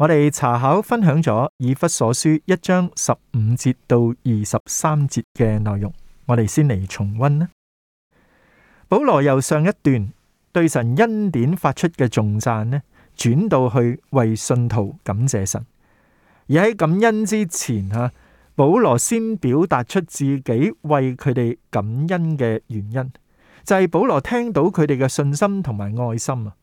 我哋查考分享咗以弗所書一章十五節到二十三節嘅內容，我哋先嚟重溫啦。保羅由上一段對神恩典發出嘅頌讚呢，轉到去為信徒感謝神。而喺感恩之前，吓保羅先表達出自己為佢哋感恩嘅原因，就係保羅聽到佢哋嘅信心同埋愛心啊。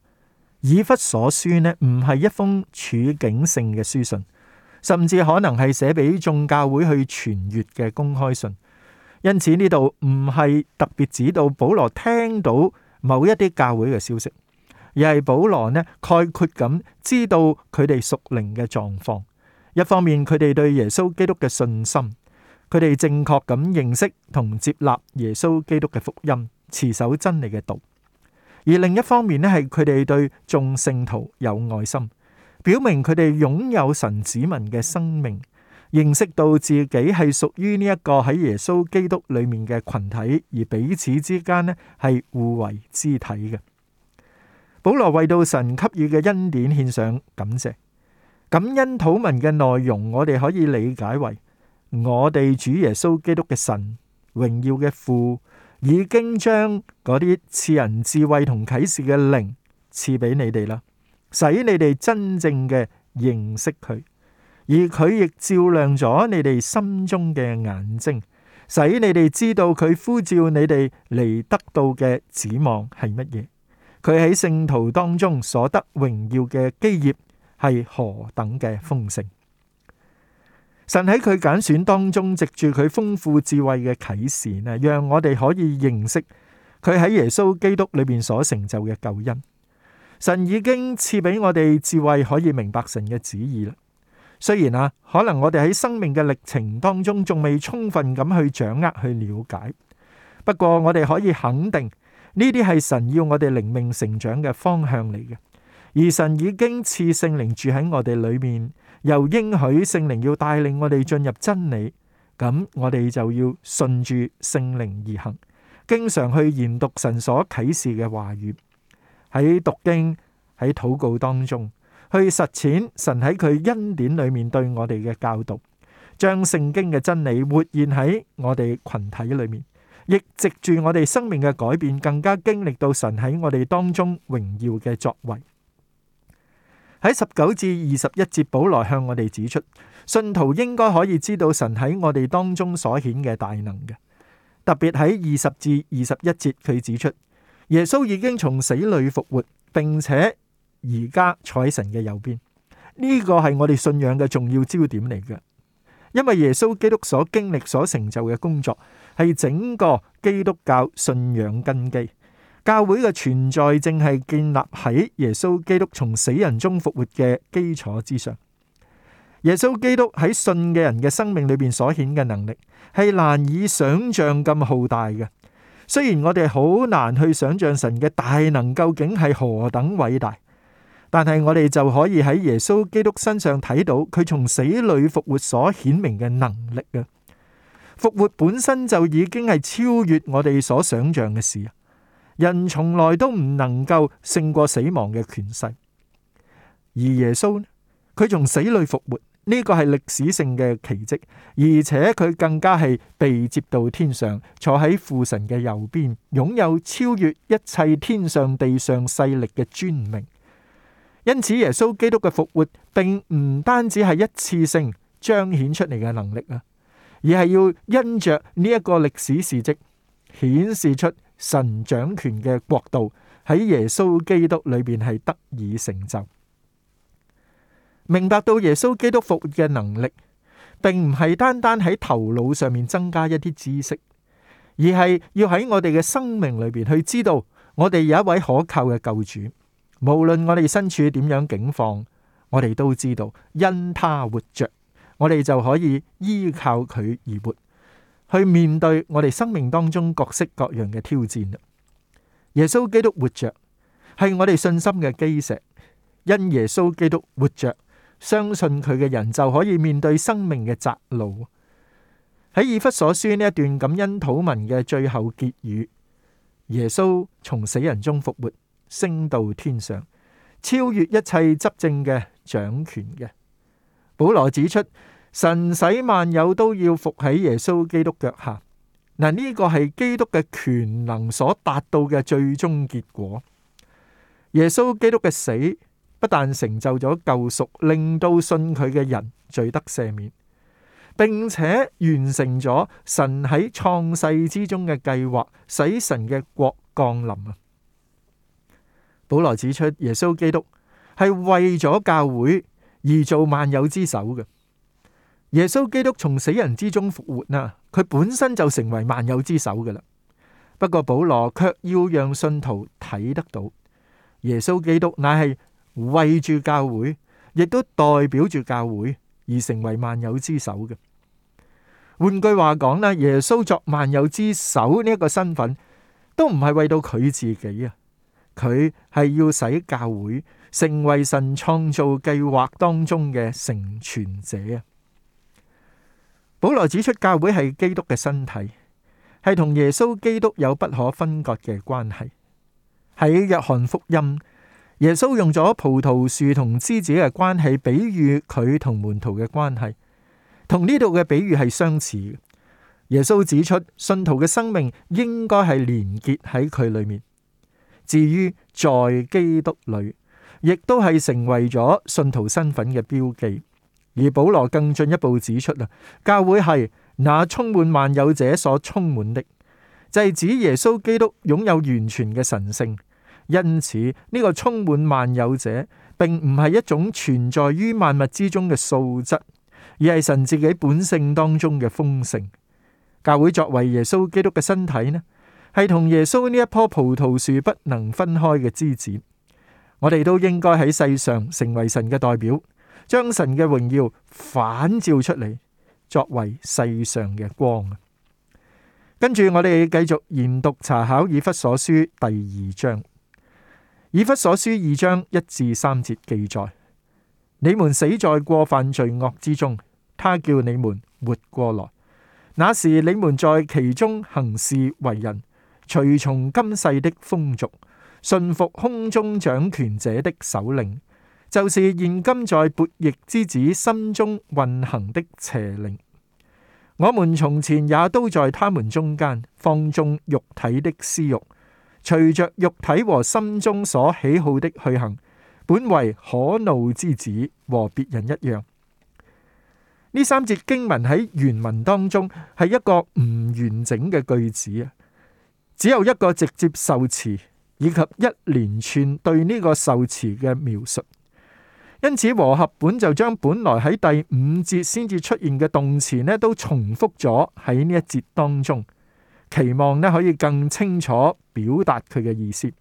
以弗所書呢唔係一封處境性嘅書信，甚至可能係寫俾眾教會去傳閱嘅公開信。因此呢度唔係特別指到保羅聽到某一啲教會嘅消息，而係保羅呢，概括咁知道佢哋屬靈嘅狀況。一方面佢哋對耶穌基督嘅信心，佢哋正確咁認識同接納耶穌基督嘅福音，持守真理嘅道。而另一方面呢，係佢哋對眾聖徒有愛心，表明佢哋擁有神子民嘅生命，認識到自己係屬於呢一個喺耶穌基督裏面嘅群體，而彼此之間呢係互為肢體嘅。保羅為到神給予嘅恩典獻上感謝，感恩禱文嘅內容，我哋可以理解為我哋主耶穌基督嘅神榮耀嘅父。已經將嗰啲賜人智慧同啟示嘅靈賜俾你哋啦，使你哋真正嘅認識佢，而佢亦照亮咗你哋心中嘅眼睛，使你哋知道佢呼召你哋嚟得到嘅指望係乜嘢。佢喺聖徒當中所得榮耀嘅基業係何等嘅豐盛。神喺佢揀選當中藉住佢豐富智慧嘅啟示啊，讓我哋可以認識佢喺耶穌基督裏面所成就嘅救恩。神已經賜俾我哋智慧，可以明白神嘅旨意啦。雖然啊，可能我哋喺生命嘅歷程當中仲未充分咁去掌握去了解，不過我哋可以肯定呢啲係神要我哋靈命成長嘅方向嚟嘅，而神已經賜聖靈住喺我哋裏面。又應許聖靈要帶領我哋進入真理，咁我哋就要順住聖靈而行，經常去研讀神所啟示嘅話語，喺讀經、喺禱告當中去實踐神喺佢恩典裏面對我哋嘅教導，將聖經嘅真理活現喺我哋群體裏面，亦藉住我哋生命嘅改變，更加經歷到神喺我哋當中榮耀嘅作為。喺十九至二十一節，保羅向我哋指出，信徒應該可以知道神喺我哋當中所顯嘅大能嘅。特別喺二十至二十一節，佢指出耶穌已經從死裏復活，並且而家坐喺神嘅右邊。呢個係我哋信仰嘅重要焦點嚟嘅，因為耶穌基督所經歷、所成就嘅工作，係整個基督教信仰根基。教會嘅存在正係建立喺耶穌基督從死人中復活嘅基礎之上。耶穌基督喺信嘅人嘅生命裏邊所顯嘅能力係難以想象咁浩大嘅。雖然我哋好難去想象神嘅大能究竟係何等偉大，但係我哋就可以喺耶穌基督身上睇到佢從死裏復活所顯明嘅能力啊！復活本身就已經係超越我哋所想象嘅事啊！人從來都唔能夠勝過死亡嘅權勢，而耶穌佢從死裏復活，呢個係歷史性嘅奇蹟，而且佢更加係被接到天上，坐喺父神嘅右邊，擁有超越一切天上地上勢力嘅尊名。因此，耶穌基督嘅復活，並唔單止係一次性彰顯出嚟嘅能力啊，而係要因着呢一個歷史事跡，顯示出。神掌權嘅國度喺耶穌基督裏邊係得以成就，明白到耶穌基督復活嘅能力，並唔係單單喺頭腦上面增加一啲知識，而係要喺我哋嘅生命裏邊去知道，我哋有一位可靠嘅救主，無論我哋身處點樣境況，我哋都知道因他活着，我哋就可以依靠佢而活。去面對我哋生命當中各式各樣嘅挑戰。耶穌基督活着係我哋信心嘅基石，因耶穌基督活着，相信佢嘅人就可以面對生命嘅窄路。喺以弗所書呢一段感恩禱文嘅最後結語，耶穌從死人中復活，升到天上，超越一切執政嘅掌權嘅。保羅指出。神使萬有都要伏喺耶穌基督腳下嗱，呢個係基督嘅權能所達到嘅最終結果。耶穌基督嘅死不但成就咗救贖，令到信佢嘅人罪得赦免，並且完成咗神喺創世之中嘅計劃，使神嘅國降臨啊。保羅指出，耶穌基督係為咗教會而做萬有之首嘅。耶穌基督從死人之中復活啦，佢本身就成為萬有之首嘅啦。不過保羅卻要讓信徒睇得到，耶穌基督乃係為住教會，亦都代表住教會而成為萬有之首嘅。換句話講咧，耶穌作萬有之首呢一個身份，都唔係為到佢自己啊，佢係要使教會成為神創造計劃當中嘅成全者啊。保羅指出教會係基督嘅身體，係同耶穌基督有不可分割嘅關係。喺約翰福音，耶穌用咗葡萄樹同枝子嘅關係比喻佢同門徒嘅關係，同呢度嘅比喻係相似。耶穌指出信徒嘅生命應該係連結喺佢裏面。至於在基督裏，亦都係成為咗信徒身份嘅標記。而保羅更進一步指出啦，教會係那充滿萬有者所充滿的，就係指耶穌基督擁有完全嘅神性。因此呢個充滿萬有者，並唔係一種存在於萬物之中嘅素質，而係神自己本性當中嘅豐盛。教會作為耶穌基督嘅身體呢，係同耶穌呢一棵葡萄樹不能分開嘅枝子。我哋都應該喺世上成為神嘅代表。將神嘅榮耀反照出嚟，作為世上嘅光。跟住我哋繼續研讀查考以弗所書第二章。以弗所書二章一至三節記載：你們死在過犯罪惡之中，他叫你們活過來。那時你們在其中行事為人，隨從今世的風俗，順服空中掌權者的首領。就是現今在悖逆之子心中運行的邪靈。我們從前也都在他們中間放縱肉體的私欲，隨着肉體和心中所喜好的去行，本為可怒之子，和別人一樣。呢三節經文喺原文當中係一個唔完整嘅句子，只有一個直接受詞，以及一連串對呢個受詞嘅描述。因此，和合本就將本來喺第五節先至出現嘅動詞呢，都重複咗喺呢一節當中，期望呢可以更清楚表達佢嘅意思。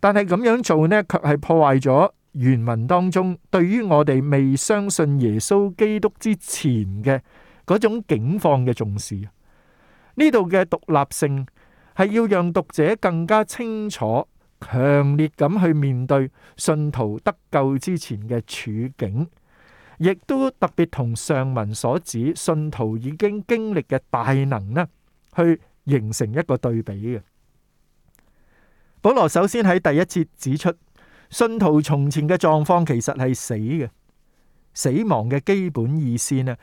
但係咁樣做呢，卻係破壞咗原文當中對於我哋未相信耶穌基督之前嘅嗰種境況嘅重視。呢度嘅獨立性係要讓讀者更加清楚。強烈咁去面對信徒得救之前嘅處境，亦都特別同上文所指信徒已經經歷嘅大能呢，去形成一個對比嘅。保羅首先喺第一節指出，信徒從前嘅狀況其實係死嘅，死亡嘅基本意思呢，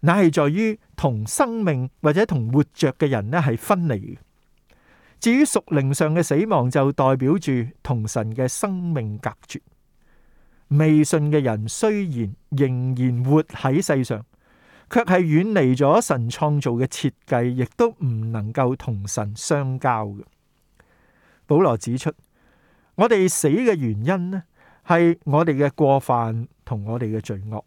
乃係在於同生命或者同活着嘅人呢係分離嘅。至於屬靈上嘅死亡，就代表住同神嘅生命隔絕。未信嘅人雖然仍然活喺世上，卻係遠離咗神創造嘅設計，亦都唔能夠同神相交嘅。保羅指出，我哋死嘅原因呢，係我哋嘅過犯同我哋嘅罪惡。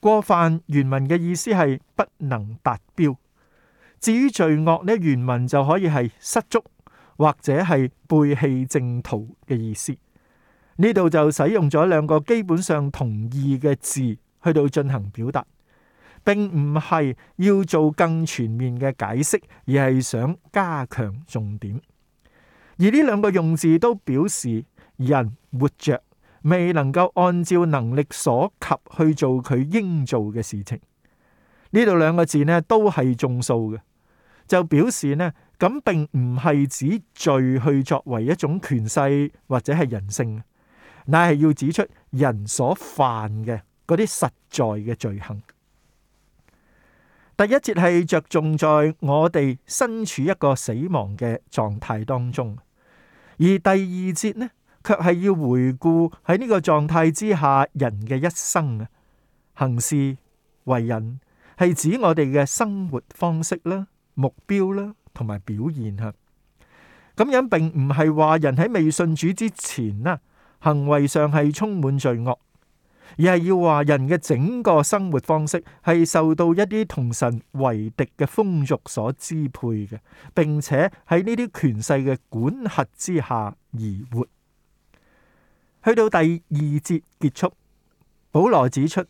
過犯原文嘅意思係不能達標。至於罪惡咧，原文就可以係失足或者係背棄正途嘅意思。呢度就使用咗兩個基本上同義嘅字去到進行表達，並唔係要做更全面嘅解釋，而係想加強重點。而呢兩個用字都表示人活着未能夠按照能力所及去做佢應做嘅事情。呢度兩個字呢，都係眾數嘅。就表示呢，咁並唔係指罪去作為一種權勢或者係人性，乃係要指出人所犯嘅嗰啲實在嘅罪行。第一節係着重在我哋身處一個死亡嘅狀態當中，而第二節呢，卻係要回顧喺呢個狀態之下人嘅一生啊，行事為人係指我哋嘅生活方式啦。目標啦，同埋表現吓，咁樣並唔係話人喺未信主之前啦，行為上係充滿罪惡，而係要話人嘅整個生活方式係受到一啲同神為敵嘅風俗所支配嘅，並且喺呢啲權勢嘅管轄之下而活。去到第二節結束，保羅指出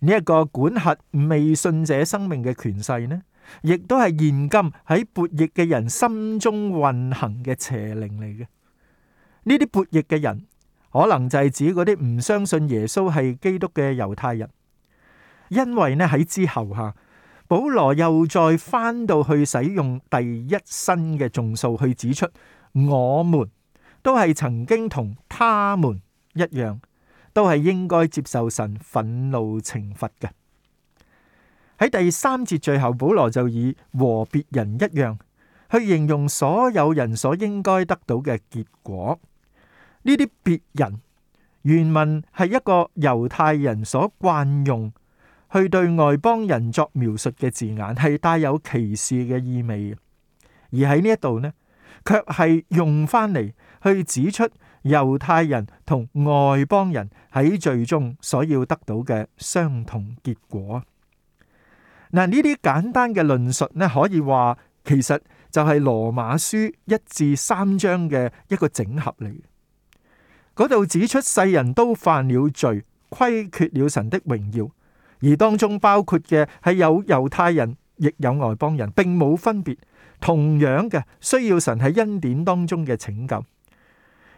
呢一個管轄未信者生命嘅權勢呢，亦都係現今喺悖逆嘅人心中運行嘅邪靈嚟嘅。呢啲悖逆嘅人，可能就係指嗰啲唔相信耶穌係基督嘅猶太人。因為呢喺之後吓，保羅又再返到去使用第一身嘅眾數去指出，我們都係曾經同他們一樣，都係應該接受神憤怒懲罰嘅。喺第三節最後，保羅就以和別人一樣去形容所有人所應該得到嘅結果。呢啲別人原文係一個猶太人所慣用去對外邦人作描述嘅字眼，係帶有歧視嘅意味。而喺呢一度呢，卻係用翻嚟去指出猶太人同外邦人喺最終所要得到嘅相同結果。嗱，呢啲簡單嘅論述咧，可以話其實就係羅馬書一至三章嘅一個整合嚟嘅。嗰度指出世人都犯了罪，虧缺了神的榮耀，而當中包括嘅係有猶太人，亦有外邦人，並冇分別，同樣嘅需要神喺恩典當中嘅拯救。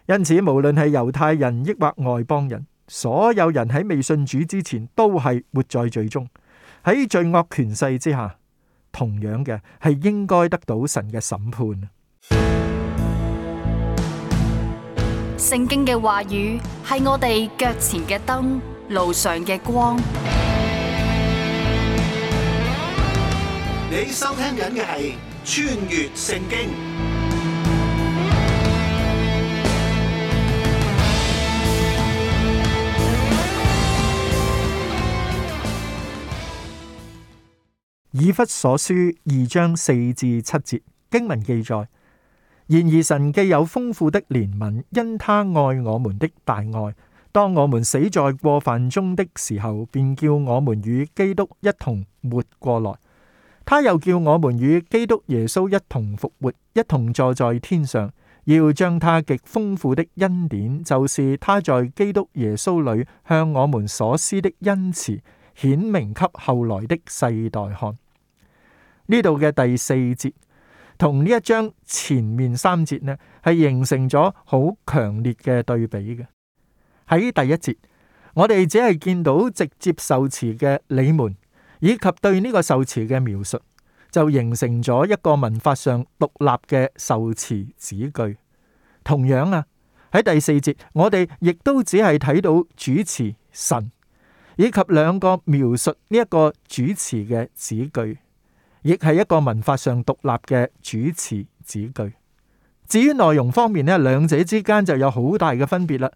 因此，無論係猶太人抑或外邦人，所有人喺未信主之前都係活在罪中。喺罪惡權勢之下，同樣嘅係應該得到神嘅審判。聖經嘅話語係我哋腳前嘅燈，路上嘅光。你收聽緊嘅係《穿越聖經》。以弗所書二章四至七節經文記載：然而神既有豐富的憐憫，因他愛我們的大愛，當我們死在過犯中的時候，便叫我們與基督一同活過來。他又叫我們與基督耶穌一同復活，一同坐在天上，要將他極豐富的恩典，就是他在基督耶穌裏向我們所施的恩慈。顯明給後來的世代看。呢度嘅第四節，同呢一章前面三節呢，係形成咗好強烈嘅對比嘅。喺第一節，我哋只係見到直接受詞嘅你們，以及對呢個受詞嘅描述，就形成咗一個文法上獨立嘅受詞子句。同樣啊，喺第四節，我哋亦都只係睇到主詞神。以及兩個描述呢一個主詞嘅子句，亦係一個文法上獨立嘅主詞子句。至於內容方面呢，兩者之間就有好大嘅分別啦。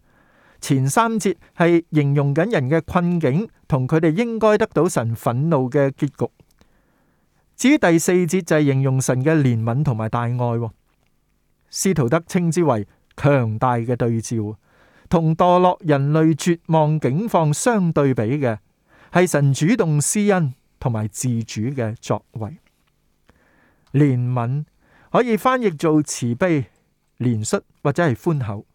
前三節係形容緊人嘅困境同佢哋應該得到神憤怒嘅結局。至於第四節就係形容神嘅憐憫同埋大愛。司徒德稱之為強大嘅對照。同墮落人類絕望境況相對比嘅，係神主動施恩同埋自主嘅作為。憐憫可以翻譯做慈悲、憐恤或者係寬厚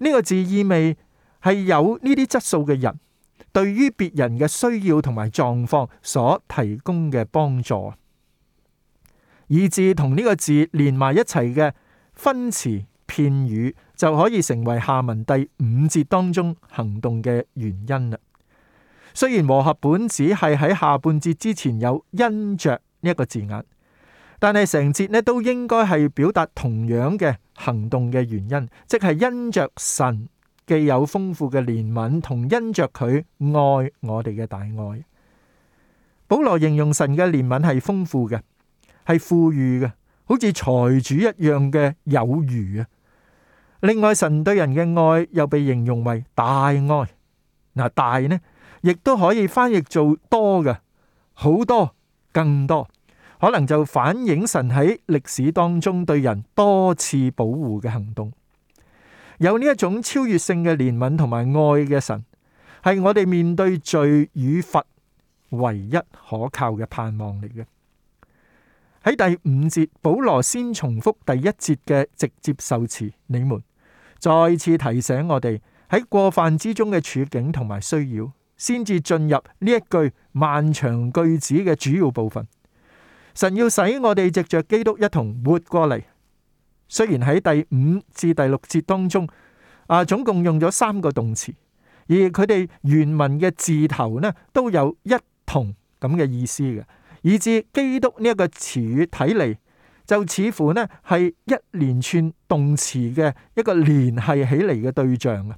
呢、這個字意味係有呢啲質素嘅人對於別人嘅需要同埋狀況所提供嘅幫助。以至同呢個字連埋一齊嘅分詞。片語就可以成為下文第五節當中行動嘅原因啦。雖然和合本只係喺下半節之前有因着呢一個字眼，但係成節呢都應該係表達同樣嘅行動嘅原因，即係因着神既有豐富嘅憐憫同因着佢愛我哋嘅大愛。保羅形容神嘅憐憫係豐富嘅，係富裕嘅，好似財主一樣嘅有餘啊！另外，神對人嘅愛又被形容為大愛。嗱、呃，大呢，亦都可以翻譯做多嘅，好多，更多，可能就反映神喺歷史當中對人多次保護嘅行動。有呢一種超越性嘅憐憫同埋愛嘅神，係我哋面對罪與罰唯一可靠嘅盼望嚟嘅。喺第五節，保羅先重複第一節嘅直接受詞，你們，再次提醒我哋喺過犯之中嘅處境同埋需要，先至進入呢一句漫長句子嘅主要部分。神要使我哋藉着基督一同活過嚟。雖然喺第五至第六節當中，啊，總共用咗三個動詞，而佢哋原文嘅字頭呢，都有一同咁嘅意思嘅。以至基督呢一個詞語睇嚟，就似乎呢係一連串動詞嘅一個連繫起嚟嘅對象啊。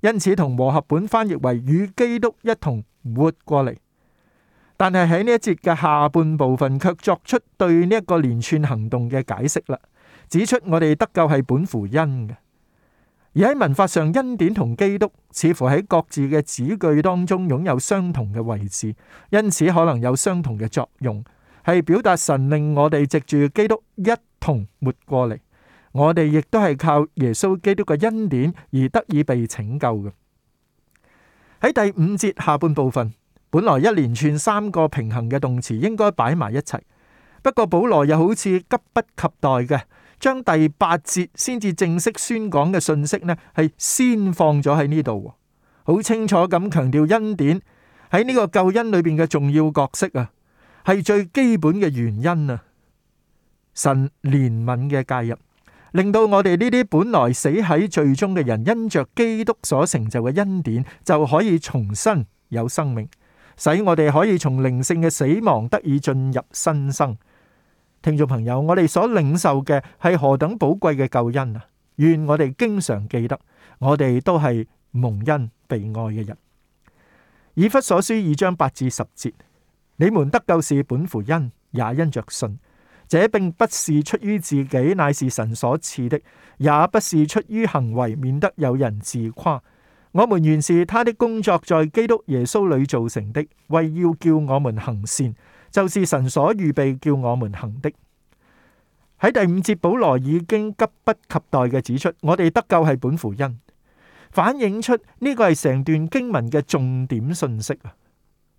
因此同和，和合本翻譯為與基督一同活過嚟。但係喺呢一節嘅下半部分，卻作出對呢一個連串行動嘅解釋啦，指出我哋得救係本乎恩嘅。而喺文法上，恩典同基督似乎喺各自嘅子句當中擁有相同嘅位置，因此可能有相同嘅作用，係表達神令我哋藉住基督一同活過嚟。我哋亦都係靠耶穌基督嘅恩典而得以被拯救嘅。喺第五節下半部分，本來一連串三個平衡嘅動詞應該擺埋一齊，不過保羅又好似急不及待嘅。將第八節先至正式宣講嘅信息呢，係先放咗喺呢度，好清楚咁強調恩典喺呢個救恩裏邊嘅重要角色啊，係最基本嘅原因啊，神憐憫嘅介入，令到我哋呢啲本來死喺罪中嘅人，因着基督所成就嘅恩典，就可以重新有生命，使我哋可以從靈性嘅死亡得以進入新生。聽眾朋友，我哋所領受嘅係何等寶貴嘅救恩啊！願我哋經常記得，我哋都係蒙恩被愛嘅人。以弗所書二章八至十節：你們得救是本乎恩，也因着信。這並不是出於自己，乃是神所賜的；也不是出於行為，免得有人自誇。我們原是他的工作，在基督耶穌裏造成的，為要叫我們行善。就是神所預備叫我們行的。喺第五節，保羅已經急不及待嘅指出，我哋得救係本乎恩，反映出呢、這個係成段經文嘅重點信息啊。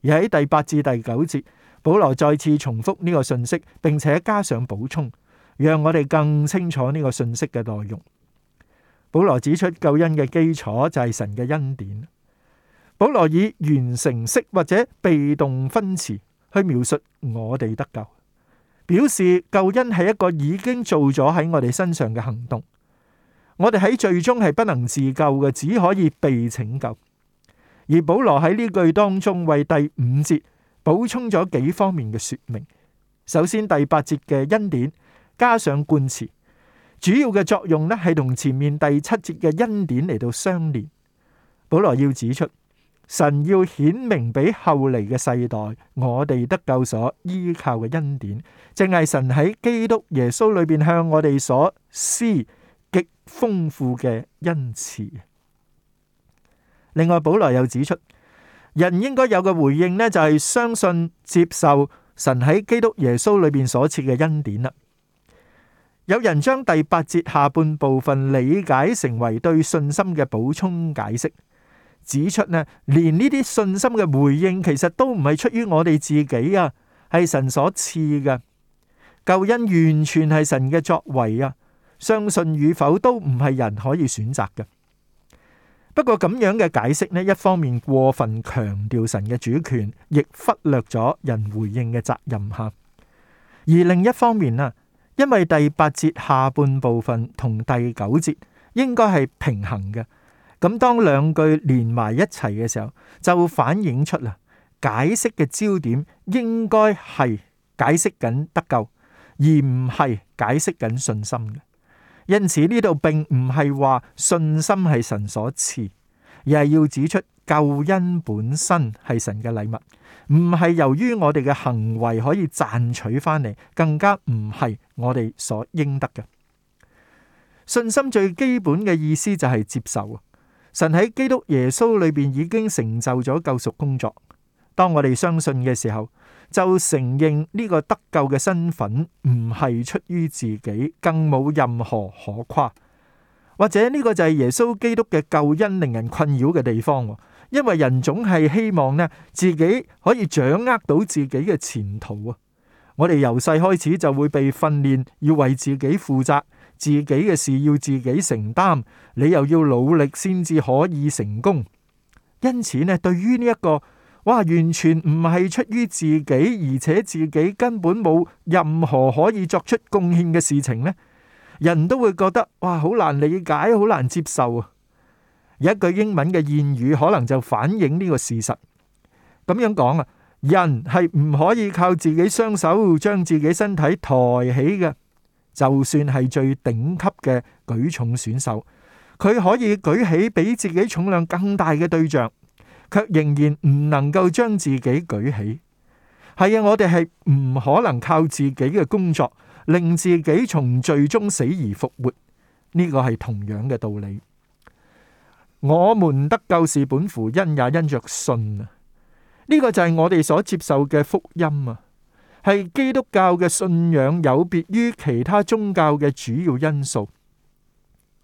而喺第八至第九節，保羅再次重複呢個信息，並且加上補充，讓我哋更清楚呢個信息嘅內容。保羅指出，救恩嘅基礎就係神嘅恩典。保羅以完成式或者被動分詞。去描述我哋得救，表示救恩係一個已經做咗喺我哋身上嘅行動。我哋喺最終係不能自救嘅，只可以被拯救。而保羅喺呢句當中為第五節補充咗幾方面嘅說明。首先第八節嘅恩典加上冠詞，主要嘅作用呢，係同前面第七節嘅恩典嚟到相連。保羅要指出。神要顯明俾後嚟嘅世代，我哋得救所依靠嘅恩典，正係神喺基督耶穌裏邊向我哋所施極豐富嘅恩賜。另外，保羅又指出，人應該有嘅回應呢，就係相信接受神喺基督耶穌裏邊所賜嘅恩典啦。有人將第八節下半部分理解成為對信心嘅補充解釋。指出呢連呢啲信心嘅回應，其實都唔係出於我哋自己啊，係神所賜嘅。救恩完全係神嘅作為啊，相信與否都唔係人可以選擇嘅。不過咁樣嘅解釋呢，一方面過分強調神嘅主權，亦忽略咗人回應嘅責任吓。而另一方面啊，因為第八節下半部分同第九節應該係平衡嘅。咁當兩句連埋一齊嘅時候，就反映出啦，解釋嘅焦點應該係解釋緊得救，而唔係解釋緊信心嘅。因此呢度並唔係話信心係神所賜，而係要指出救恩本身係神嘅禮物，唔係由於我哋嘅行為可以賺取翻嚟，更加唔係我哋所應得嘅。信心最基本嘅意思就係接受。神喺基督耶穌裏邊已經成就咗救贖工作。當我哋相信嘅時候，就承認呢個得救嘅身份唔係出於自己，更冇任何可誇。或者呢個就係耶穌基督嘅救恩令人困擾嘅地方，因為人總係希望呢，自己可以掌握到自己嘅前途啊！我哋由細開始就會被訓練要為自己負責。自己嘅事要自己承擔，你又要努力先至可以成功。因此呢，對於呢一個哇，完全唔係出於自己，而且自己根本冇任何可以作出貢獻嘅事情呢，人都會覺得哇，好難理解，好難接受啊！有一句英文嘅諺語，可能就反映呢個事實。咁樣講啊，人係唔可以靠自己雙手將自己身體抬起嘅。就算係最頂級嘅舉重選手，佢可以舉起比自己重量更大嘅對象，卻仍然唔能夠將自己舉起。係啊，我哋係唔可能靠自己嘅工作令自己從罪中死而復活。呢個係同樣嘅道理。我們得救是本乎恩，也因着信啊！呢個就係我哋所接受嘅福音啊！係基督教嘅信仰有別於其他宗教嘅主要因素。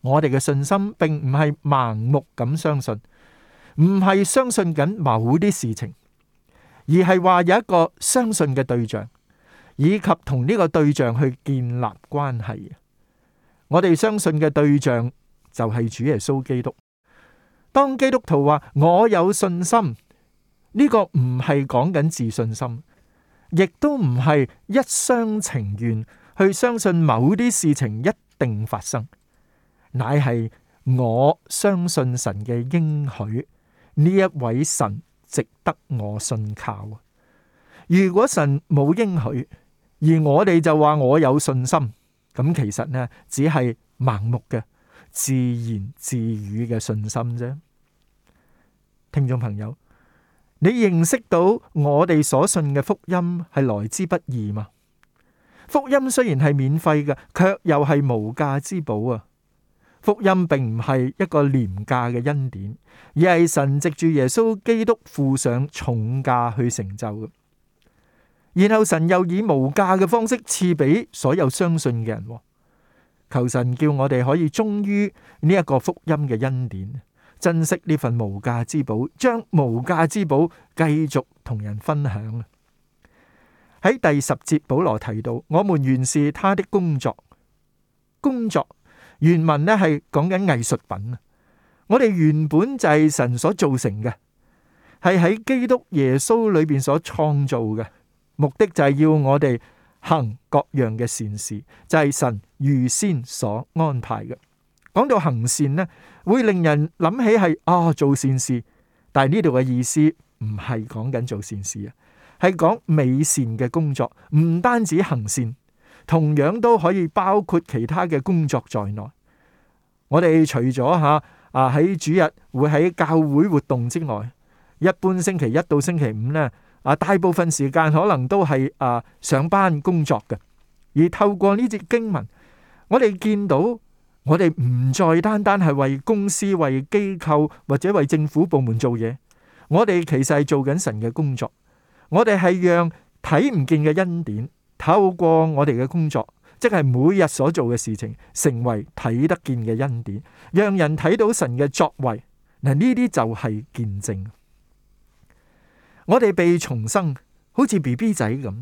我哋嘅信心並唔係盲目咁相信，唔係相信緊某啲事情，而係話有一個相信嘅對象，以及同呢個對象去建立關係。我哋相信嘅對象就係主耶穌基督。當基督徒話我有信心，呢個唔係講緊自信心。亦都唔係一廂情願去相信某啲事情一定發生，乃係我相信神嘅應許，呢一位神值得我信靠。如果神冇應許，而我哋就話我有信心，咁其實呢，只係盲目嘅自言自語嘅信心啫。聽眾朋友。你認識到我哋所信嘅福音係來之不易嘛？福音雖然係免費嘅，卻又係無價之寶啊！福音並唔係一個廉價嘅恩典，而係神藉住耶穌基督負上重價去成就嘅。然後神又以無價嘅方式賜俾所有相信嘅人。求神叫我哋可以忠於呢一個福音嘅恩典。珍惜呢份無價之寶，將無價之寶繼續同人分享。喺第十節，保羅提到：我們原是他的工作，工作原文呢係講緊藝術品啊。我哋原本就係神所造成嘅，係喺基督耶穌裏面所創造嘅，目的就係要我哋行各樣嘅善事，就係神預先所安排嘅。講到行善呢，會令人諗起係啊、哦、做善事，但係呢度嘅意思唔係講緊做善事啊，係講美善嘅工作，唔單止行善，同樣都可以包括其他嘅工作在內。我哋除咗吓啊喺主日會喺教會活動之外，一般星期一到星期五呢啊大部分時間可能都係啊上班工作嘅，而透過呢節經文，我哋見到。我哋唔再單單係為公司、為機構或者為政府部門做嘢，我哋其實係做緊神嘅工作。我哋係讓睇唔見嘅恩典透過我哋嘅工作，即係每日所做嘅事情，成為睇得見嘅恩典，讓人睇到神嘅作為。嗱，呢啲就係見證。我哋被重生，好似 BB 仔咁，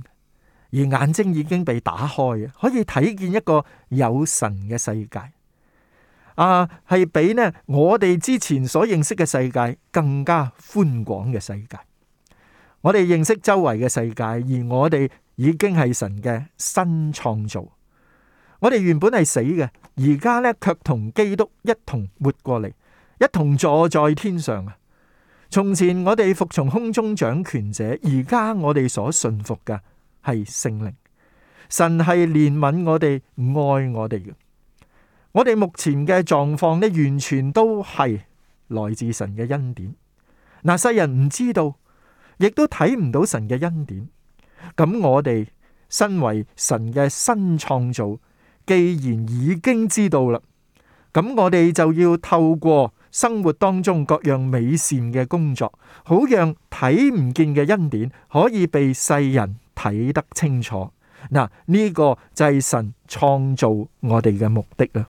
而眼睛已經被打開，可以睇見一個有神嘅世界。啊，係比呢我哋之前所認識嘅世界更加寬廣嘅世界。我哋認識周圍嘅世界，而我哋已經係神嘅新創造。我哋原本係死嘅，而家呢卻同基督一同活過嚟，一同坐在天上啊！從前我哋服從空中掌權者，而家我哋所信服嘅係聖靈。神係憐憫我哋，愛我哋嘅。我哋目前嘅狀況咧，完全都係來自神嘅恩典。嗱，世人唔知道，亦都睇唔到神嘅恩典。咁我哋身為神嘅新創造，既然已經知道啦，咁我哋就要透過生活當中各樣美善嘅工作，好讓睇唔見嘅恩典可以被世人睇得清楚。嗱，呢、這個就係神創造我哋嘅目的啦。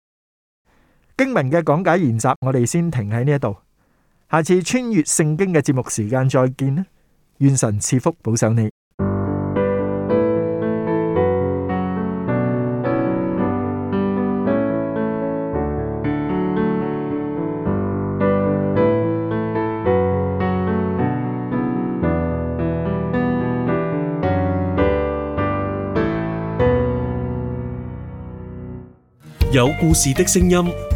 經文嘅講解研習，我哋先停喺呢一度。下次穿越聖經嘅節目時間再見啦！願神賜福保守你。有故事的聲音。